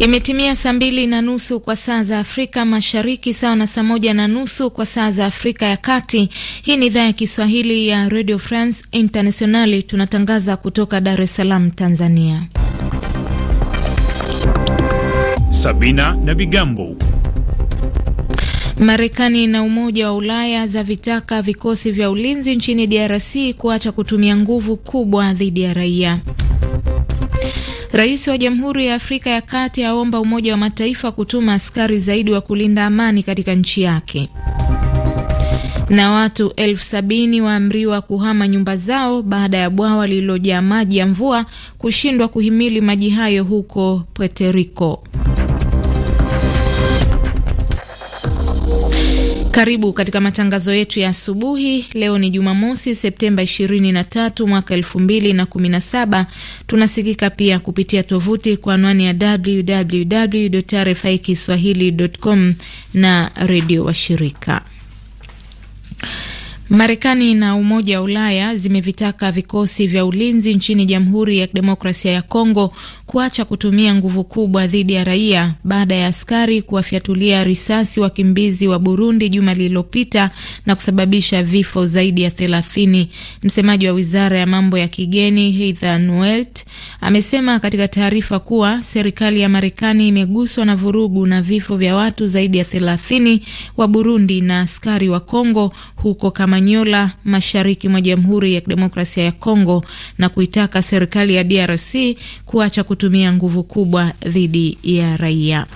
Imetimia saa mbili na nusu kwa saa za Afrika Mashariki, sawa na saa moja na nusu kwa saa za Afrika ya Kati. Hii ni idhaa ya Kiswahili ya Radio France Internationali, tunatangaza kutoka Dar es Salaam, Tanzania. Sabina na Vigambo. Marekani na Umoja wa Ulaya zavitaka vikosi vya ulinzi nchini DRC kuacha kutumia nguvu kubwa dhidi ya raia. Rais wa Jamhuri ya Afrika ya Kati aomba Umoja wa Mataifa kutuma askari zaidi wa kulinda amani katika nchi yake. Na watu elfu sabini waamriwa kuhama nyumba zao baada ya bwawa lililojaa maji ya mvua kushindwa kuhimili maji hayo huko Puerto Rico. Karibu katika matangazo yetu ya asubuhi. Leo ni Jumamosi, Septemba 23 mwaka 2017. Tunasikika pia kupitia tovuti kwa anwani ya www RFI kiswahili.com na redio wa shirika Marekani na Umoja wa Ulaya zimevitaka vikosi vya ulinzi nchini Jamhuri ya Demokrasia ya Kongo kuacha kutumia nguvu kubwa dhidi ya raia baada ya askari kuwafyatulia risasi wakimbizi wa Burundi juma lililopita na kusababisha vifo zaidi ya thelathini. Msemaji wa wizara ya mambo ya kigeni Heather Nauert amesema katika taarifa kuwa serikali ya Marekani imeguswa na vurugu na vifo vya watu zaidi ya thelathini wa Burundi na askari wa Kongo huko Kamanyola, mashariki mwa Jamhuri ya Kidemokrasia ya Kongo na kuitaka serikali ya DRC kuacha kutumia nguvu kubwa dhidi ya raia.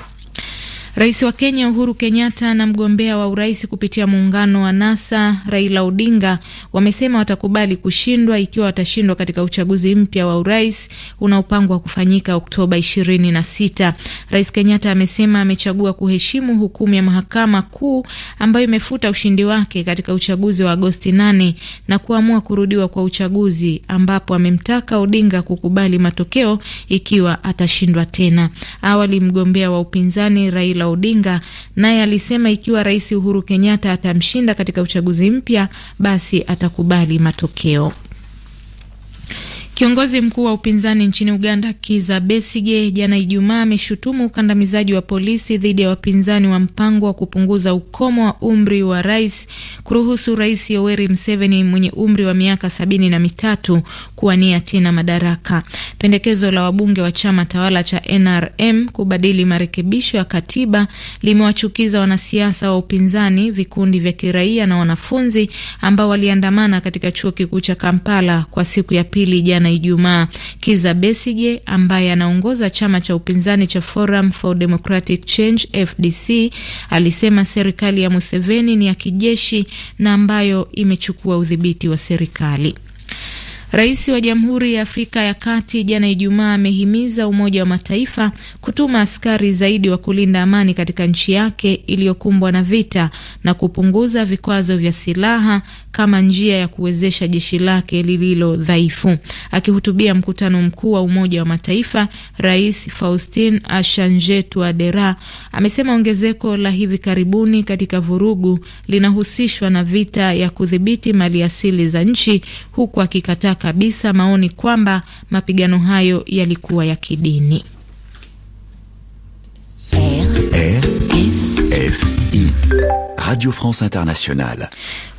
Rais wa Kenya Uhuru Kenyatta na mgombea wa urais kupitia muungano wa NASA Raila Odinga wamesema watakubali kushindwa ikiwa watashindwa katika uchaguzi mpya wa urais unaopangwa kufanyika Oktoba 26. Rais Kenyatta amesema amechagua kuheshimu hukumu ya mahakama kuu ambayo imefuta ushindi wake katika uchaguzi wa Agosti 8 na kuamua kurudiwa kwa uchaguzi ambapo amemtaka Odinga kukubali matokeo ikiwa atashindwa tena. Awali mgombea wa upinzani Raila Raila Odinga, naye alisema ikiwa Rais Uhuru Kenyatta atamshinda katika uchaguzi mpya, basi atakubali matokeo. Kiongozi mkuu wa upinzani nchini Uganda, Kiza Besige, jana Ijumaa, ameshutumu ukandamizaji wa polisi dhidi ya wapinzani wa mpango wa kupunguza ukomo wa umri wa rais, kuruhusu Rais Yoweri Museveni mwenye umri wa miaka sabini na mitatu kuwania tena madaraka. Pendekezo la wabunge wa chama tawala cha NRM kubadili marekebisho ya katiba limewachukiza wanasiasa wa upinzani, vikundi vya kiraia na wanafunzi ambao waliandamana katika chuo kikuu cha Kampala kwa siku ya pili jana Ijumaa. Kiza Besige ambaye anaongoza chama cha upinzani cha Forum for Democratic Change FDC alisema serikali ya Museveni ni ya kijeshi na ambayo imechukua udhibiti wa serikali. Rais wa Jamhuri ya Afrika ya Kati jana Ijumaa amehimiza Umoja wa Mataifa kutuma askari zaidi wa kulinda amani katika nchi yake iliyokumbwa na vita na kupunguza vikwazo vya silaha kama njia ya kuwezesha jeshi lake lililo dhaifu. Akihutubia mkutano mkuu wa Umoja wa Mataifa, Rais Faustin Ashanje Touadera amesema ongezeko la hivi karibuni katika vurugu linahusishwa na vita ya kudhibiti mali asili za nchi huku akikataa kabisa maoni kwamba mapigano hayo yalikuwa ya kidini. RFI, Radio France Internationale.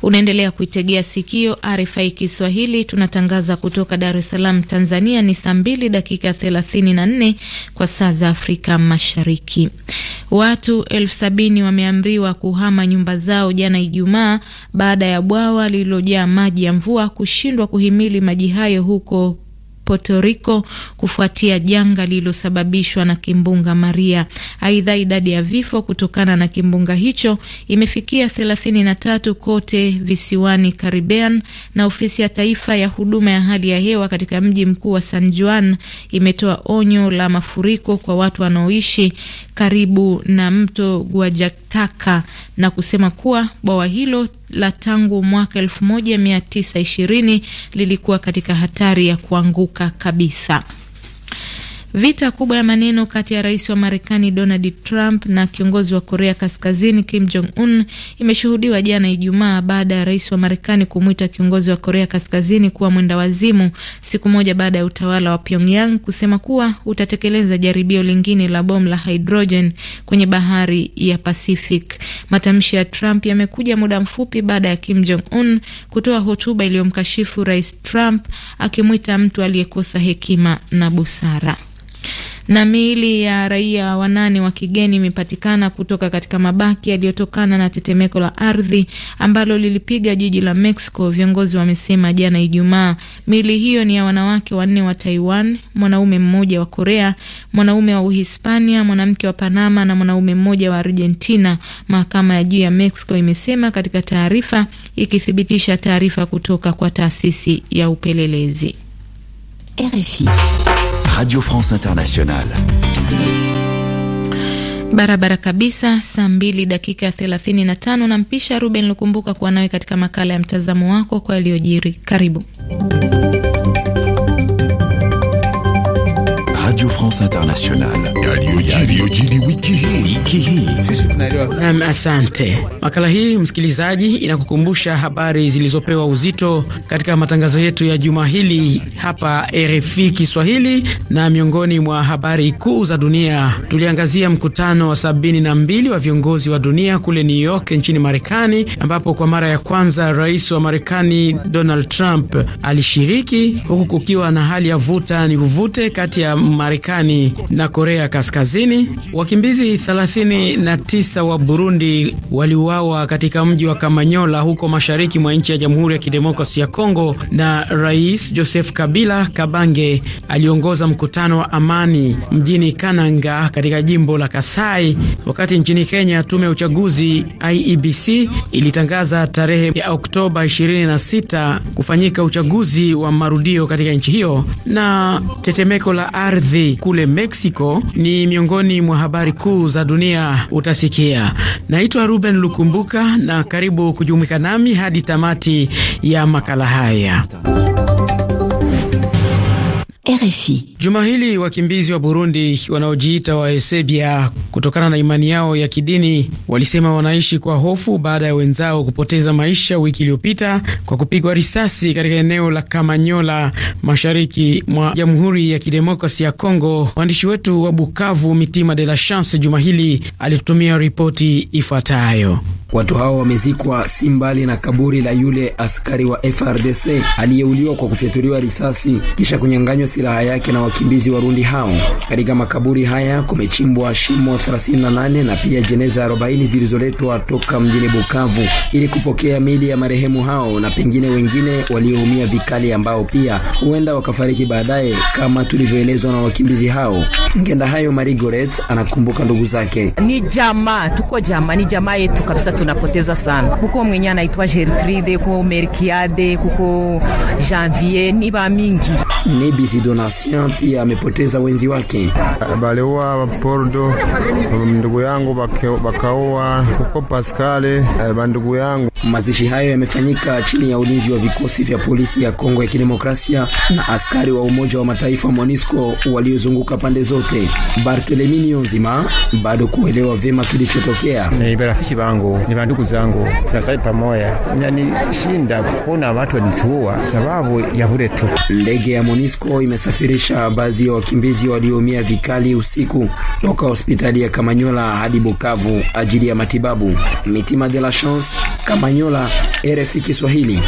Unaendelea kuitegea sikio RFI Kiswahili, tunatangaza kutoka Dar es Salaam, Tanzania. Ni saa 2 dakika 34 kwa saa za Afrika Mashariki. Watu elfu sabini wameamriwa kuhama nyumba zao jana Ijumaa baada ya bwawa lililojaa maji ya mvua kushindwa kuhimili maji hayo huko Puerto Rico kufuatia janga lililosababishwa na kimbunga Maria. Aidha, idadi ya vifo kutokana na kimbunga hicho imefikia 33 kote visiwani Caribbean, na ofisi ya taifa ya huduma ya hali ya hewa katika mji mkuu wa San Juan imetoa onyo la mafuriko kwa watu wanaoishi karibu na mto Guajataka na kusema kuwa bwawa hilo la tangu mwaka 1920 lilikuwa katika hatari ya kuanguka kabisa. Vita kubwa ya maneno kati ya rais wa Marekani Donald Trump na kiongozi wa Korea Kaskazini Kim Jong Un imeshuhudiwa jana Ijumaa baada ya rais wa Marekani kumwita kiongozi wa Korea Kaskazini kuwa mwenda wazimu, siku moja baada ya utawala wa Pyongyang kusema kuwa utatekeleza jaribio lingine la bomu la hidrojen kwenye bahari ya Pacific. Matamshi ya Trump yamekuja muda mfupi baada ya Kim Jong Un kutoa hotuba iliyomkashifu rais Trump akimwita mtu aliyekosa hekima na busara. Na miili ya raia wanane wa kigeni imepatikana kutoka katika mabaki yaliyotokana na tetemeko la ardhi ambalo lilipiga jiji la Mexico, viongozi wamesema jana Ijumaa. Miili hiyo ni ya wanawake wanne wa Taiwan, mwanaume mmoja wa Korea, mwanaume wa Uhispania, mwanamke wa Panama na mwanaume mmoja wa Argentina, mahakama ya juu ya Mexico imesema katika taarifa, ikithibitisha taarifa kutoka kwa taasisi ya upelelezi RFI. Radio France Internationale. Barabara kabisa, saa mbili dakika 35. Nampisha Ruben Lukumbuka kuwa nawe katika makala ya mtazamo wako kwa yaliyojiri. Karibu. Radio France Internationale wiki hii. Um, asante. Makala hii msikilizaji, inakukumbusha habari zilizopewa uzito katika matangazo yetu ya juma hili hapa RFI Kiswahili, na miongoni mwa habari kuu za dunia tuliangazia mkutano wa sabini na mbili wa viongozi wa dunia kule New York nchini Marekani, ambapo kwa mara ya kwanza rais wa Marekani Donald Trump alishiriki huku kukiwa na hali ya vuta ni kuvute kati ya Marekani Marekani na Korea Kaskazini. Wakimbizi 39 wa Burundi waliuawa katika mji wa Kamanyola huko mashariki mwa nchi ya Jamhuri ya Kidemokrasi ya Kongo, na Rais Joseph Kabila Kabange aliongoza mkutano wa amani mjini Kananga katika jimbo la Kasai. Wakati nchini Kenya, tume ya uchaguzi IEBC ilitangaza tarehe ya Oktoba 26 kufanyika uchaguzi wa marudio katika nchi hiyo, na tetemeko la ardhi Monterrey kule Mexico ni miongoni mwa habari kuu za dunia utasikia. Naitwa Ruben Lukumbuka na karibu kujumuika nami hadi tamati ya makala haya. RFI. Juma hili wakimbizi wa Burundi wanaojiita Waesebia kutokana na imani yao ya kidini walisema wanaishi kwa hofu baada ya wenzao kupoteza maisha wiki iliyopita kwa kupigwa risasi katika eneo la Kamanyola mashariki mwa Jamhuri ya Kidemokrasi ya Kongo. Mwandishi wetu wa Bukavu Mitima de la Chance juma hili alitutumia ripoti ifuatayo. Watu hao wamezikwa si mbali na kaburi la yule askari wa FRDC aliyeuliwa kwa kufyatuliwa risasi kisha kunyang'anywa silaha yake na wakimbizi Warundi hao. Katika makaburi haya kumechimbwa shimo 38 na pia jeneza 40 zilizoletwa toka mjini Bukavu ili kupokea mili ya marehemu hao na pengine wengine walioumia vikali ambao pia huenda wakafariki baadaye kama tulivyoelezwa na wakimbizi hao. Ngenda hayo Marigoret anakumbuka ndugu zake. Ni jamaa, tuko jamaa, ni jamaa yetu kabisa tunapoteza sana kuko mwenye anaitwa Gertrude kuko Merkiade kuko Janvier ni ba mingi bizi donation pia amepoteza wenzi wake baleua Pordo ndugu yangu bakaua kuko Pascale eh, bandugu yangu. Mazishi hayo yamefanyika chini ya ulinzi wa vikosi vya polisi ya Kongo ya Kidemokrasia na askari wa Umoja wa Mataifa MONUSCO waliozunguka pande zote. Barthelemy Nionzima bado kuelewa vyema kilichotokea. Ni barafiki bangu ni vandugu zangu, tunasali pamoya. nanishinda kuona watu wanichuua sababu ya bure tu. Ndege ya Monisco imesafirisha baadhi ya wakimbizi walioumia vikali usiku toka hospitali ya Kamanyola hadi Bukavu ajili ya matibabu. Mitima de la Chance, Kamanyola, RFI Kiswahili.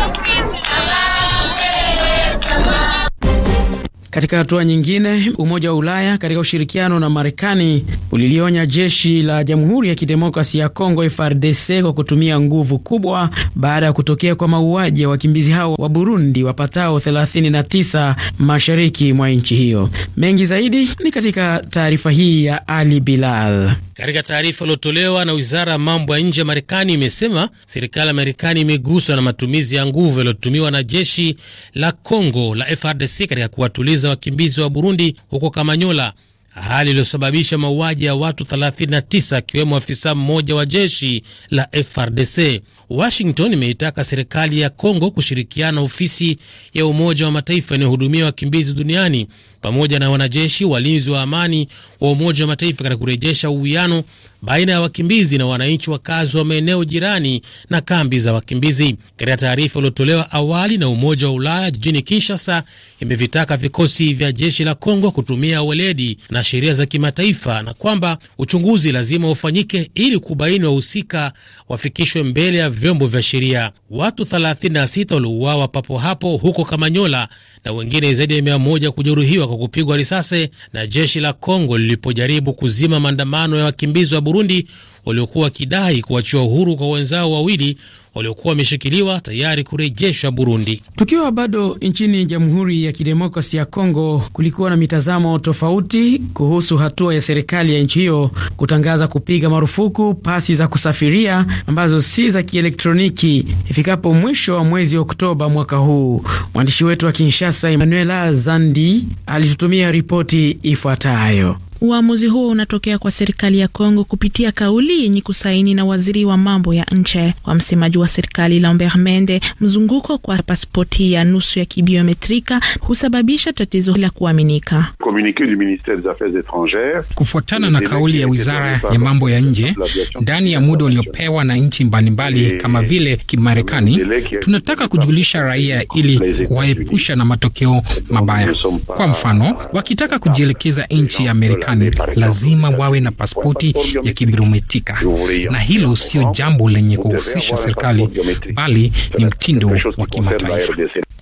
Katika hatua nyingine, Umoja wa Ulaya katika ushirikiano na Marekani ulilionya jeshi la Jamhuri ya Kidemokrasi ya Kongo frdc kwa kutumia nguvu kubwa baada ya kutokea kwa mauaji ya wakimbizi hao wa Burundi wapatao 39 mashariki mwa nchi hiyo. Mengi zaidi ni katika taarifa hii ya Ali Bilal. Katika taarifa iliyotolewa na wizara ya mambo ya nje ya Marekani imesema serikali ya Marekani imeguswa na matumizi ya nguvu yaliyotumiwa na jeshi la Kongo la frdc katika kuwatuliza za wakimbizi wa Burundi huko Kamanyola, hali iliyosababisha mauaji ya watu 39 akiwemo afisa mmoja wa jeshi la FRDC. Washington imeitaka serikali ya Kongo kushirikiana ofisi ya Umoja wa Mataifa inayohudumia wakimbizi duniani pamoja na wanajeshi walinzi wa amani wa Umoja wa Mataifa katika kurejesha uwiano baina ya wakimbizi na wananchi wakazi wa maeneo jirani na kambi za wakimbizi. Katika taarifa iliyotolewa awali na Umoja wa Ulaya jijini Kinshasa, imevitaka vikosi vya jeshi la Kongo kutumia weledi na sheria za kimataifa na kwamba uchunguzi lazima ufanyike ili kubaini wahusika wafikishwe mbele ya vyombo vya sheria. Watu 36 waliuawa papo hapo huko Kamanyola na wengine zaidi ya mia moja kujeruhiwa kwa kupigwa risasi na jeshi la Kongo lilipojaribu kuzima maandamano ya wakimbizi wa Burundi waliokuwa wakidai kuachiwa uhuru kwa wenzao wawili waliokuwa wameshikiliwa tayari kurejeshwa Burundi. Tukiwa bado nchini Jamhuri ya Kidemokrasi ya Kongo, kulikuwa na mitazamo tofauti kuhusu hatua ya serikali ya nchi hiyo kutangaza kupiga marufuku pasi za kusafiria ambazo si za kielektroniki ifikapo mwisho wa mwezi Oktoba mwaka huu. Mwandishi wetu wa Kinshasa, Emmanuela Zandi, alitutumia ripoti ifuatayo. Uamuzi huo unatokea kwa serikali ya Kongo kupitia kauli yenye kusaini na waziri wa mambo ya nje. Kwa msemaji wa serikali Lambert Mende, mzunguko kwa pasipoti ya nusu ya kibiometrika husababisha tatizo la kuaminika. Kufuatana na kauli ya wizara ya mambo ya nje, ndani ya muda uliopewa na nchi mbalimbali kama vile Kimarekani, tunataka kujulisha raia ili kuwaepusha na matokeo mabaya. Kwa mfano, wakitaka kujielekeza nchi ya Amerika Marekani lazima wawe na pasipoti ya kibiometrika, na hilo sio jambo lenye kuhusisha serikali, bali ni mtindo wa kimataifa.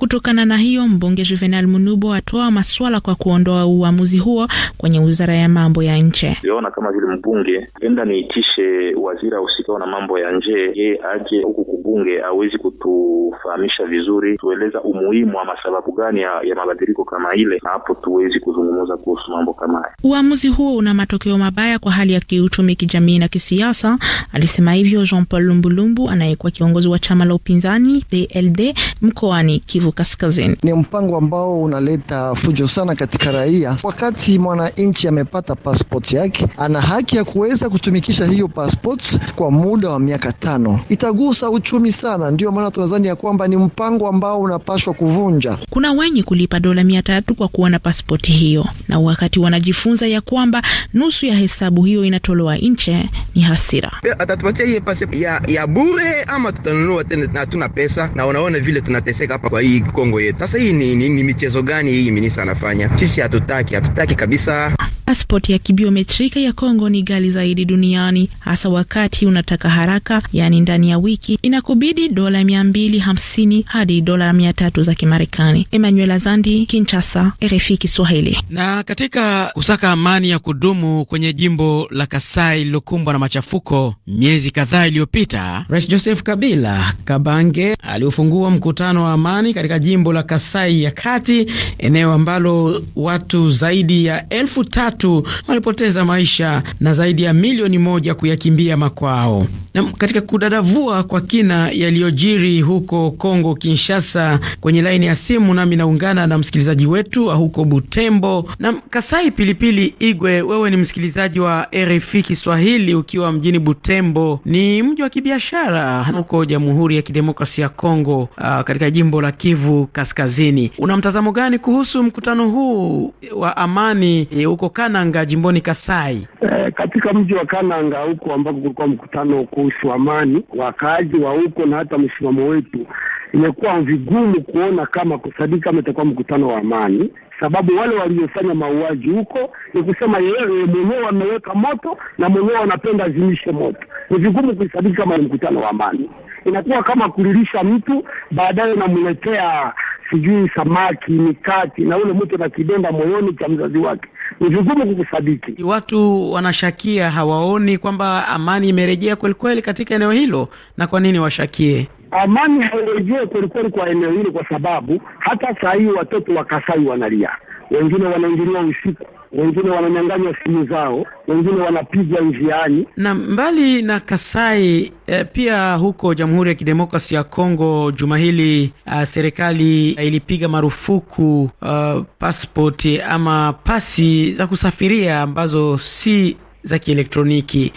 Kutokana na hiyo, mbunge Juvenal Munubo atoa maswala kwa kuondoa uamuzi huo kwenye wizara ya mambo ya nje. iona kama vile mbunge enda niitishe waziri ausikao na mambo ya nje, yeye aje huku kubunge, awezi kutufahamisha vizuri, tueleza umuhimu ama sababu gani ya, ya mabadiliko kama ile, na hapo tuwezi kuzungumza kuhusu mambo kama haya. Uamuzi huo una matokeo mabaya kwa hali ya kiuchumi, kijamii na kisiasa, alisema hivyo Jean Paul Lumbulumbu anayekuwa kiongozi wa chama la upinzani PLD mkoani Kivu Kaskazini. Ni mpango ambao unaleta fujo sana katika raia. Wakati mwananchi amepata passport yake, ana haki ya kuweza kutumikisha hiyo passport kwa muda wa miaka tano. Itagusa uchumi sana, ndiyo maana tunadhani ya kwamba ni mpango ambao unapashwa kuvunja. Kuna wenye kulipa dola mia tatu kwa kuwa na pasipoti hiyo, na wakati wanajifunza ya kwamba nusu ya hesabu hiyo inatolewa nje, ni hasira. Atatupatia hiyo ya, ya bure ama tutanunua tena, hatuna pesa na unaona vile tunateseka hapa kwa hii ligi Kongo yetu. Sasa hii ni, ni, ni michezo gani hii minisa anafanya? Sisi hatutaki, hatutaki kabisa. Pasipoti ya kibiometrika ya Kongo ni ghali zaidi duniani, hasa wakati unataka haraka, yaani ndani ya wiki inakubidi dola mia mbili hamsini hadi dola mia tatu za Kimarekani. Emmanuel Azandi, Kinshasa, RFI Kiswahili. Na katika kusaka amani ya kudumu kwenye jimbo la Kasai lilokumbwa na machafuko miezi kadhaa iliyopita, Rais Joseph Kabila Kabange aliufungua mkutano wa amani katika jimbo la Kasai ya Kati, eneo ambalo watu zaidi ya elfu tatu walipoteza maisha na zaidi ya milioni moja kuyakimbia makwao. Na katika kudadavua kwa kina yaliyojiri huko Kongo Kinshasa, kwenye laini ya simu nami naungana na msikilizaji wetu huko Butembo na Kasai. Pilipili Igwe, wewe ni msikilizaji wa RFI Kiswahili ukiwa mjini Butembo, ni mji wa kibiashara huko Jamhuri ya Kidemokrasia ya Kongo, uh, katika jimbo la Kivu Kivu Kaskazini. Una mtazamo gani kuhusu mkutano huu wa amani e, huko Kananga jimboni Kasai? E, katika mji wa Kananga huko ambako kulikuwa mkutano kuhusu amani, wakaaji wa huko na hata msimamo wetu imekuwa vigumu kuona kama kusadiki kama itakuwa mkutano wa amani, sababu wale waliofanya mauaji huko ni kusema yeye mwenyewe ameweka moto na mwenyewe anapenda azimishe moto. Ni vigumu kuisadiki kama ni mkutano wa amani, inakuwa kama kulilisha mtu, baadaye unamletea sijui samaki, mikati, na ule mtu na kidonda moyoni cha mzazi wake. Ni vigumu kukusadiki. Watu wanashakia, hawaoni kwamba amani imerejea kwelikweli katika eneo hilo, na kwa nini washakie? amani hairejee kwelikweli kwa eneo hili, kwa sababu hata saa hii watoto wa Kasai wanalia, wengine wanaingiliwa usiku wengine wananyang'anywa simu zao, wengine wanapigwa njiani. Na mbali na Kasai e, pia huko Jamhuri ya Kidemokrasi ya Kongo juma hili ah, serikali ilipiga marufuku a, ah, passport ama pasi za kusafiria ambazo si za kielektroniki.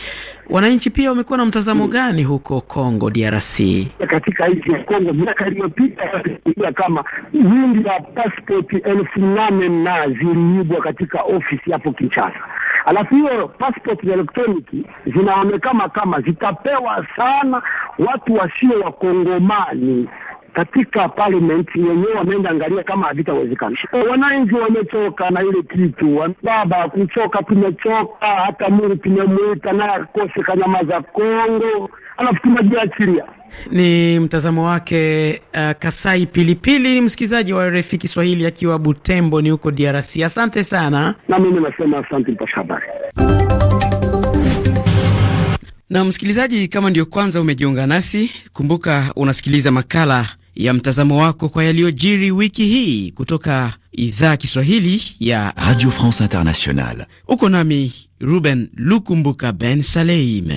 Wananchi pia wamekuwa na mtazamo mm. gani huko Kongo DRC? Katika nchi ya Kongo miaka iliyopita ia kama nyingi ya pasipoti elfu nane na ziliibwa katika ofisi hapo Kinshasa. Alafu hiyo passport ya elektroniki zinaonekana kama zitapewa sana watu wasio wakongomani katika parliament yenyewe wameenda angalia kama havitawezekana. E, wananchi wamechoka na ile kitu, baba kuchoka, tumechoka. Hata Mungu tumemwita naye akose za Kongo, alafu tunajiachilia. Ni mtazamo wake uh, Kasai Pilipili ni msikilizaji wa RFI Kiswahili akiwa Butembo ni huko DRC. Asante sana, na mimi nasema asante mpasha habari na msikilizaji, kama ndio kwanza umejiunga nasi, kumbuka unasikiliza makala ya mtazamo wako kwa yaliyojiri wiki hii kutoka idhaa Kiswahili ya Radio France Internationale. Uko nami Ruben Lukumbuka Ben Saleim.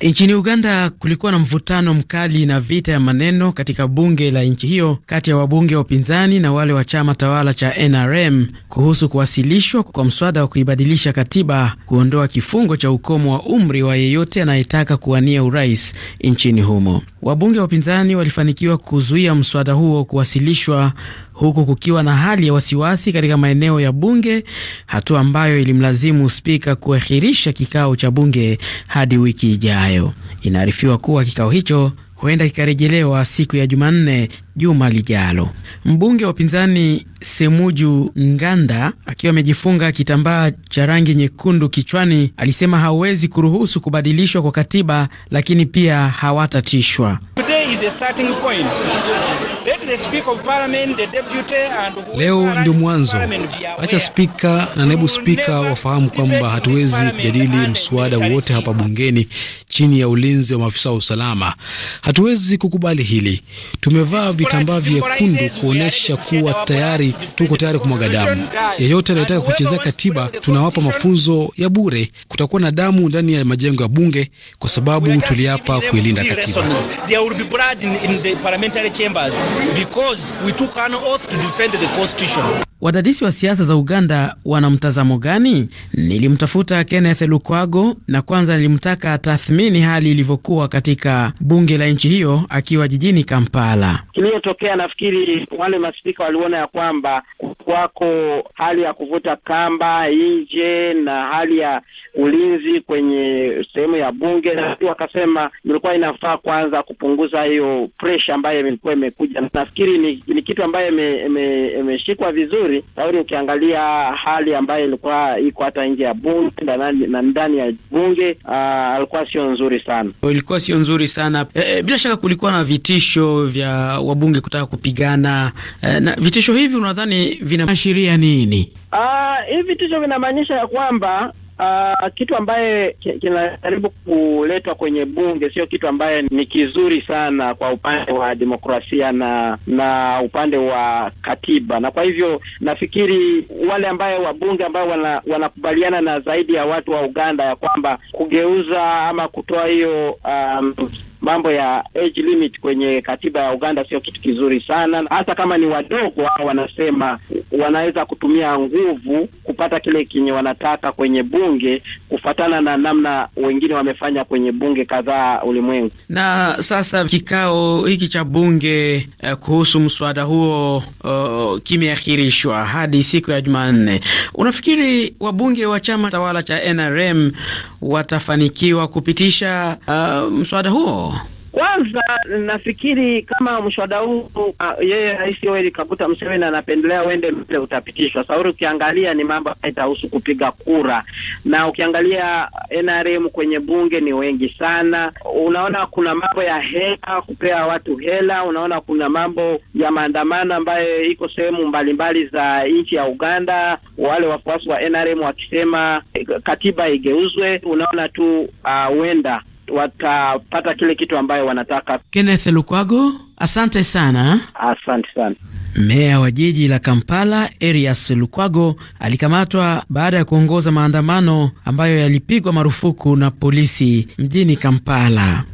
Nchini Uganda kulikuwa na mvutano mkali na vita ya maneno katika bunge la nchi hiyo kati ya wabunge wa upinzani na wale wa chama tawala cha NRM kuhusu kuwasilishwa kwa mswada wa kuibadilisha katiba kuondoa kifungo cha ukomo wa umri wa yeyote anayetaka kuwania urais nchini humo. Wabunge wa upinzani walifanikiwa kuzuia mswada huo kuwasilishwa huku kukiwa na hali ya wasiwasi katika maeneo ya bunge, hatua ambayo ilimlazimu spika kuahirisha kikao cha bunge hadi wiki ijayo. Inaarifiwa kuwa kikao hicho huenda ikarejelewa siku ya Jumanne juma lijalo. Mbunge wa upinzani Semuju Nganda akiwa amejifunga kitambaa cha rangi nyekundu kichwani alisema hawezi kuruhusu kubadilishwa kwa katiba, lakini pia hawatatishwa. Today is a starting point. Leo ndio mwanzo. Acha spika na naibu spika wafahamu kwamba hatuwezi kujadili mswada wote hapa bungeni chini ya ulinzi wa maafisa wa usalama. Hatuwezi kukubali hili. Tumevaa vitambaa vyekundu kuonyesha kuwa tayari, tuko tayari kumwaga damu. Yeyote anayetaka kuchezea katiba, tunawapa mafunzo ya bure. Kutakuwa na damu ndani ya majengo ya bunge kwa sababu tuliapa kuilinda katiba because we took an oath to defend the constitution. Wadadisi wa siasa za Uganda wana mtazamo gani? Nilimtafuta Kenneth Lukwago na kwanza nilimtaka tathmini hali ilivyokuwa katika bunge la nchi hiyo akiwa jijini Kampala. Kiliyotokea, nafikiri wale maspika waliona ya kwamba kwako hali ya kuvuta kamba nje na hali ya ulinzi kwenye sehemu ya bunge, na wakasema ilikuwa inafaa kwanza kupunguza hiyo presha ambayo ilikuwa imekuja. Nafikiri ni, ni kitu ambayo imeshikwa vizuri, lakini ukiangalia hali ambayo ilikuwa iko hata nje ya bunge na ndani ya bunge ah, alikuwa sio nzuri sana, ilikuwa sio nzuri sana. E, e, bila shaka kulikuwa na vitisho vya wabunge kutaka kupigana e, na vitisho hivi unadhani vinaashiria nini? Ah, hivi vitisho vinamaanisha ya kwamba Uh, kitu ambaye kinajaribu kuletwa kwenye bunge sio kitu ambaye ni kizuri sana kwa upande wa demokrasia na na upande wa katiba, na kwa hivyo nafikiri wale ambaye wabunge ambao wana, wanakubaliana na zaidi ya watu wa Uganda ya kwamba kugeuza ama kutoa hiyo um, mambo ya age limit kwenye katiba ya Uganda sio kitu kizuri sana, hasa kama ni wadogo hao. Wanasema wanaweza kutumia nguvu kupata kile kinye wanataka kwenye bunge, kufatana na namna wengine wamefanya kwenye bunge kadhaa ulimwengu. Na sasa kikao hiki cha bunge uh, kuhusu mswada huo uh, kimeahirishwa hadi siku ya Jumanne. Unafikiri wabunge wa chama tawala cha NRM watafanikiwa kupitisha uh, mswada huo? Kwanza nafikiri kama mshwada huu ah, yeye Rais Yoweri Kaguta Museveni anapendelea uende mbele, utapitishwa sauri. Ukiangalia ni mambo itahusu kupiga kura, na ukiangalia NRM kwenye bunge ni wengi sana. Unaona kuna mambo ya hela, kupea watu hela. Unaona kuna mambo ya maandamano ambayo iko sehemu mbalimbali za nchi ya Uganda, wale wafuasi wa NRM wakisema katiba igeuzwe. Unaona tu ah, huenda uh, watapata kile kitu ambayo wanataka. Kenneth Lukwago, asante sana. Asante sana. Meya wa jiji la Kampala Erias Lukwago alikamatwa baada ya kuongoza maandamano ambayo yalipigwa marufuku na polisi mjini Kampala.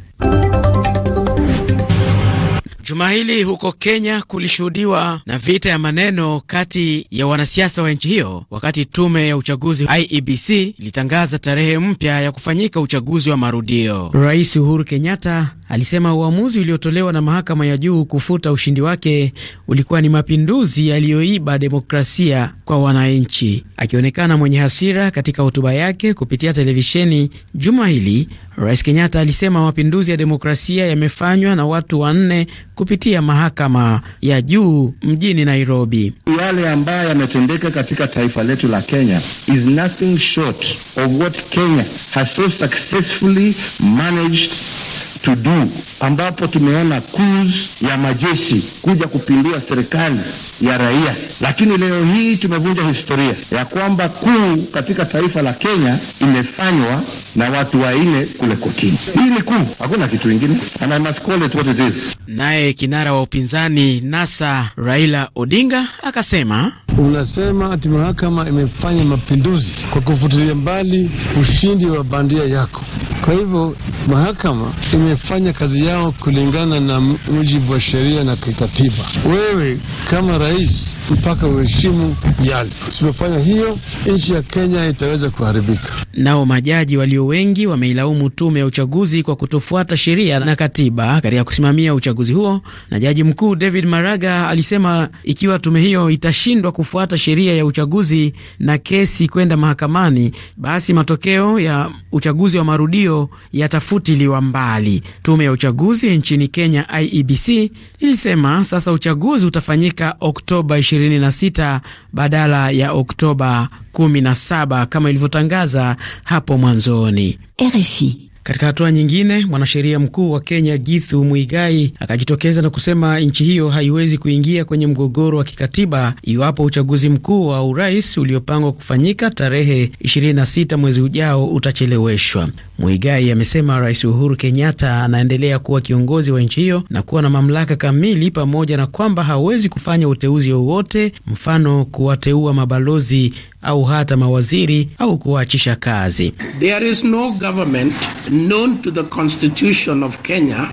Juma hili huko Kenya kulishuhudiwa na vita ya maneno kati ya wanasiasa wa nchi hiyo, wakati tume ya uchaguzi IEBC ilitangaza tarehe mpya ya kufanyika uchaguzi wa marudio. Rais Uhuru Kenyatta alisema uamuzi uliotolewa na mahakama ya juu kufuta ushindi wake ulikuwa ni mapinduzi yaliyoiba demokrasia kwa wananchi. Akionekana mwenye hasira katika hotuba yake kupitia televisheni juma hili, Rais Kenyatta alisema mapinduzi ya demokrasia yamefanywa na watu wanne kupitia mahakama ya juu mjini Nairobi. Yale ambayo yametendeka katika taifa letu la Kenya is nothing short of what Kenya has so successfully managed to do, ambapo tumeona kuz ya majeshi kuja kupindua serikali ya raia, lakini leo hii tumevunja historia ya kwamba kuu katika taifa la Kenya imefanywa na watu waine kule kotini. Hii ni kuu, hakuna kitu ingine, and I must call it what it is. Naye kinara wa upinzani NASA Raila Odinga akasema, unasema ati mahakama imefanya mapinduzi kwa kufutilia mbali ushindi wa bandia yako, kwa hivyo mahakama ime wamefanya kazi yao kulingana na mujibu wa sheria na kikatiba. Wewe kama rais mpaka uheshimu yale. Usipofanya hiyo, nchi ya Kenya itaweza kuharibika. Nao majaji walio wengi wameilaumu tume ya uchaguzi kwa kutofuata sheria na katiba katika kusimamia uchaguzi huo, na jaji mkuu David Maraga alisema ikiwa tume hiyo itashindwa kufuata sheria ya uchaguzi na kesi kwenda mahakamani, basi matokeo ya uchaguzi wa marudio yatafutiliwa mbali tume ya uchaguzi nchini Kenya IEBC ilisema sasa uchaguzi utafanyika Oktoba 26 badala ya Oktoba 17 kama ilivyotangaza hapo mwanzoni. RFI katika hatua nyingine, mwanasheria mkuu wa Kenya Githu Muigai akajitokeza na kusema nchi hiyo haiwezi kuingia kwenye mgogoro wa kikatiba iwapo uchaguzi mkuu wa urais uliopangwa kufanyika tarehe 26 mwezi ujao utacheleweshwa. Muigai amesema Rais Uhuru Kenyatta anaendelea kuwa kiongozi wa nchi hiyo na kuwa na mamlaka kamili, pamoja na kwamba hawezi kufanya uteuzi wowote, mfano kuwateua mabalozi au hata mawaziri au kuwaachisha kazi. There is no government known to the Constitution of Kenya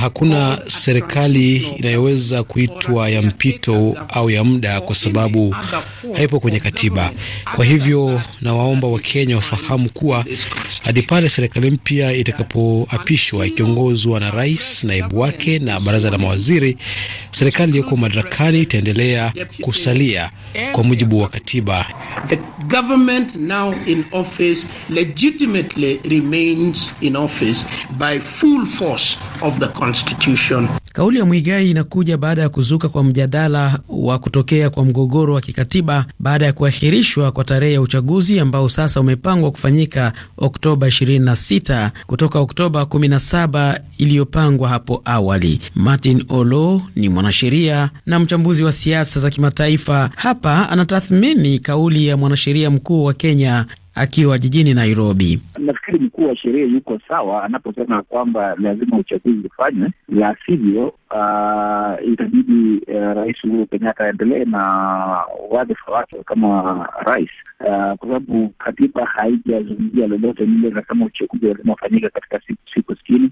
Hakuna serikali inayoweza kuitwa ya mpito au ya muda kwa sababu haipo kwenye katiba. Kwa hivyo nawaomba Wakenya wafahamu kuwa hadi pale serikali mpya itakapoapishwa ikiongozwa na rais, naibu wake na baraza la mawaziri, serikali iliyoko madarakani itaendelea kusalia kwa mujibu wa katiba. The government now in office legitimately remains in office by full force of the constitution. Kauli ya Mwigai inakuja baada ya kuzuka kwa mjadala wa kutokea kwa mgogoro wa kikatiba baada ya kuahirishwa kwa tarehe ya uchaguzi ambao sasa umepangwa kufanyika Oktoba 26 kutoka Oktoba 17 iliyopangwa hapo awali. Martin Olo ni mwanasheria na mchambuzi wa siasa za kimataifa. Hapa anatathmini kauli ya mwanasheria mkuu wa Kenya akiwa jijini Nairobi. Nafikiri mkuu wa sheria yuko sawa anaposema kwamba lazima uchaguzi ufanywe, la sivyo uh, itabidi uh, Rais Uhuru Kenyatta aendelee na wadhifa wake kama rais uh, kwa sababu katiba haijazungumzia lolote lile na kama uchaguzi lazima ufanyike katika siku, siku sitini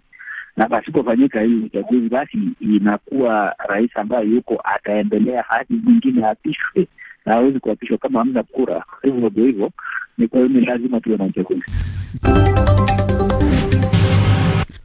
na pasipofanyika hii uchaguzi basi inakuwa rais ambaye yuko ataendelea hadi mwingine apishwe na hawezi kuapishwa kama hamna kura. Hivyo ndio hivyo, ni kwa hiyo ni lazima tuwe na uchaguzi.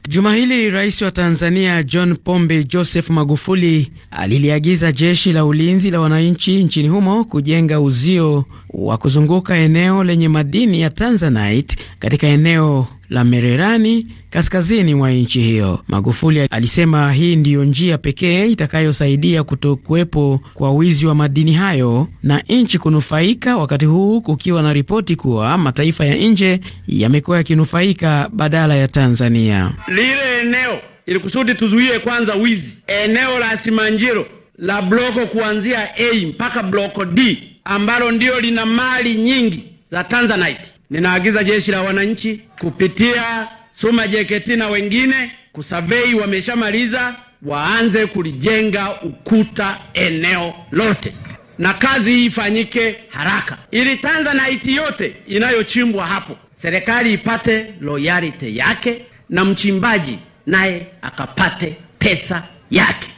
Juma hili rais wa Tanzania John Pombe Joseph Magufuli aliliagiza jeshi la ulinzi la wananchi nchini humo kujenga uzio wa kuzunguka eneo lenye madini ya Tanzanite katika eneo la Mererani kaskazini mwa nchi hiyo. Magufuli alisema hii ndiyo njia pekee itakayosaidia kutokuwepo kwa wizi wa madini hayo na nchi kunufaika, wakati huu kukiwa na ripoti kuwa mataifa ya nje yamekuwa yakinufaika badala ya Tanzania. Lile eneo ili kusudi tuzuie kwanza wizi, eneo la Simanjiro la bloko kuanzia A mpaka bloko D ambalo ndio lina mali nyingi za Tanzanite Ninaagiza jeshi la wananchi kupitia SUMA JKT na wengine kusavei, wameshamaliza, waanze kulijenga ukuta eneo lote, na kazi hii ifanyike haraka ili tanzanite yote inayochimbwa hapo serikali ipate royalty yake na mchimbaji naye akapate pesa yake.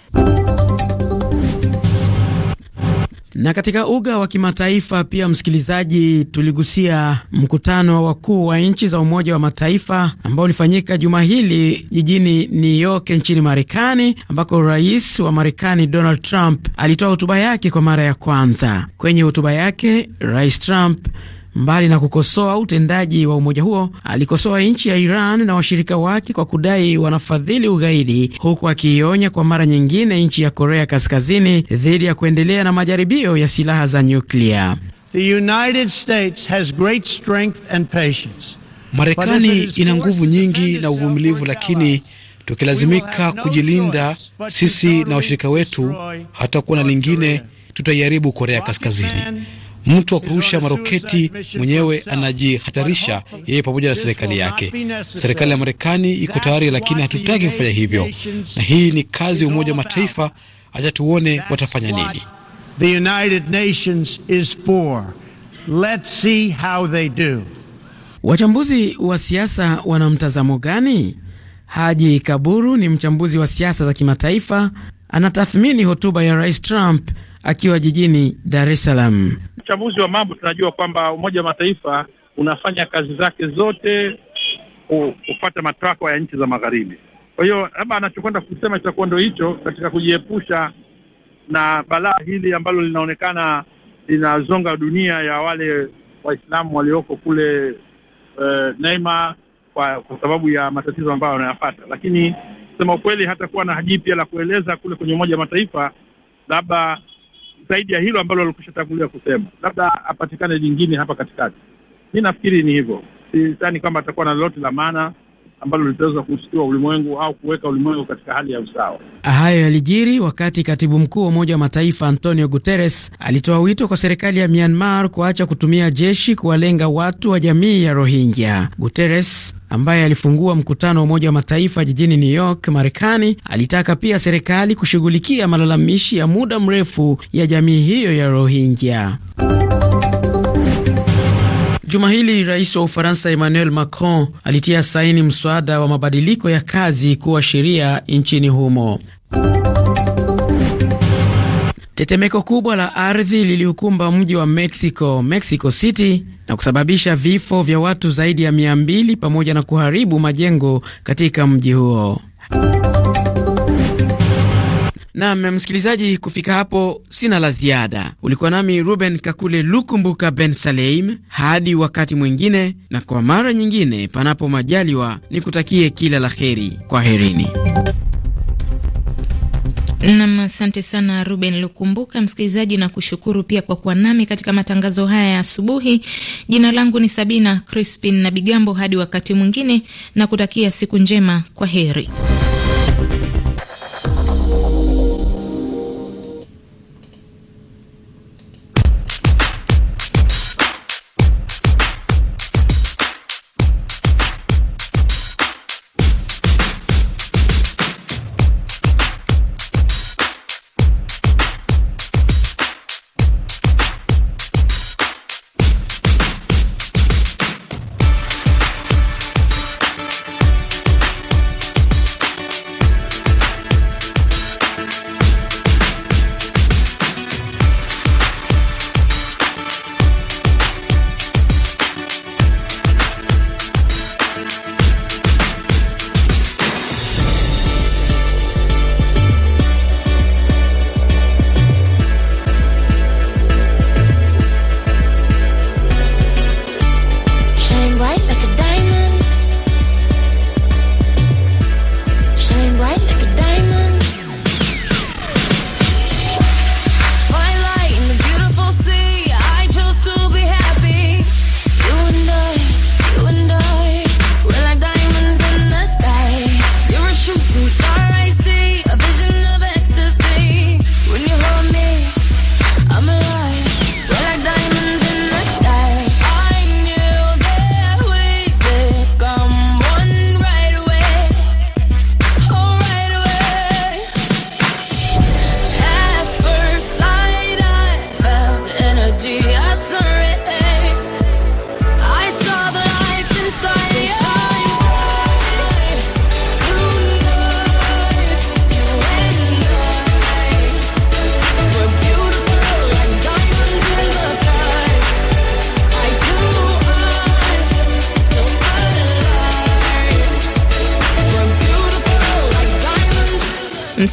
Na katika uga wa kimataifa pia, msikilizaji, tuligusia mkutano wa wakuu wa nchi za Umoja wa Mataifa ambao ulifanyika juma hili jijini New York nchini Marekani, ambako rais wa Marekani Donald Trump alitoa hotuba yake kwa mara ya kwanza. Kwenye hotuba yake, Rais Trump Mbali na kukosoa utendaji wa umoja huo, alikosoa nchi ya Iran na washirika wake kwa kudai wanafadhili ugaidi, huku akiionya kwa mara nyingine nchi ya Korea Kaskazini dhidi ya kuendelea na majaribio ya silaha za nyuklia. Marekani ina nguvu nyingi na uvumilivu, lakini tukilazimika kujilinda sisi na washirika wetu, hatakuwa na lingine, tutaiharibu Korea Kaskazini. Mtu wa kurusha maroketi mwenyewe anajihatarisha yeye pamoja na serikali yake. Serikali ya Marekani iko tayari, lakini hatutaki kufanya hivyo, na hii ni kazi ya Umoja wa Mataifa. Acha tuone watafanya nini. The United Nations is for. Let's see how they do. Wachambuzi wa siasa wana mtazamo gani? Haji Kaburu ni mchambuzi wa siasa za kimataifa, anatathmini hotuba ya Rais Trump akiwa jijini Dar es Salaam mchambuzi wa mambo tunajua kwamba Umoja wa Mataifa unafanya kazi zake zote kufuata matakwa ya nchi za magharibi. Kwa hiyo labda anachokwenda kusema itakuwa ndo hicho katika kujiepusha na balaa hili ambalo linaonekana linazonga dunia ya wale Waislamu walioko kule e, eh, Neima kwa, kwa sababu ya matatizo ambayo wanayapata, lakini kusema ukweli hatakuwa na haji la kueleza kule kwenye Umoja wa Mataifa labda zaidi ya hilo ambalo alikusha tangulia kusema, labda apatikane jingine hapa katikati. Mi nafikiri ni hivyo, sidhani kwamba atakuwa na lolote la maana ambalo litaweza kushtua ulimwengu au kuweka ulimwengu katika hali ya usawa. Hayo yalijiri wakati katibu mkuu wa Umoja wa Mataifa Antonio Guterres alitoa wito kwa serikali ya Myanmar kuacha kutumia jeshi kuwalenga watu wa jamii ya Rohingya. Guterres ambaye alifungua mkutano wa Umoja wa Mataifa jijini New York, Marekani, alitaka pia serikali kushughulikia malalamishi ya muda mrefu ya jamii hiyo ya Rohingya. Juma hili rais wa Ufaransa Emmanuel Macron alitia saini mswada wa mabadiliko ya kazi kuwa sheria nchini humo. Tetemeko kubwa la ardhi liliukumba mji wa Mexico, Mexico City na kusababisha vifo vya watu zaidi ya 200 pamoja na kuharibu majengo katika mji huo. Nam msikilizaji, kufika hapo sina la ziada. Ulikuwa nami Ruben Kakule Lukumbuka Ben Saleim, hadi wakati mwingine, na kwa mara nyingine, panapo majaliwa, nikutakie kila la heri. herini Nam, asante sana Ruben Lukumbuka. Msikilizaji na kushukuru pia kwa kuwa nami katika matangazo haya ya asubuhi. Jina langu ni Sabina Crispin na Bigambo. Hadi wakati mwingine, na kutakia siku njema. Kwa heri.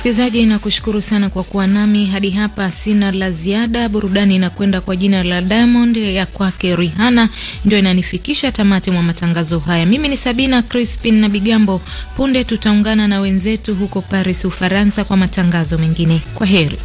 Msikilizaji, nakushukuru sana kwa kuwa nami hadi hapa. Sina la ziada, burudani inakwenda kwa jina la Diamond ya kwake Rihanna, ndio inanifikisha tamati mwa matangazo haya. Mimi ni Sabina Crispin na Bigambo. Punde tutaungana na wenzetu huko Paris, Ufaransa, kwa matangazo mengine. Kwa heri.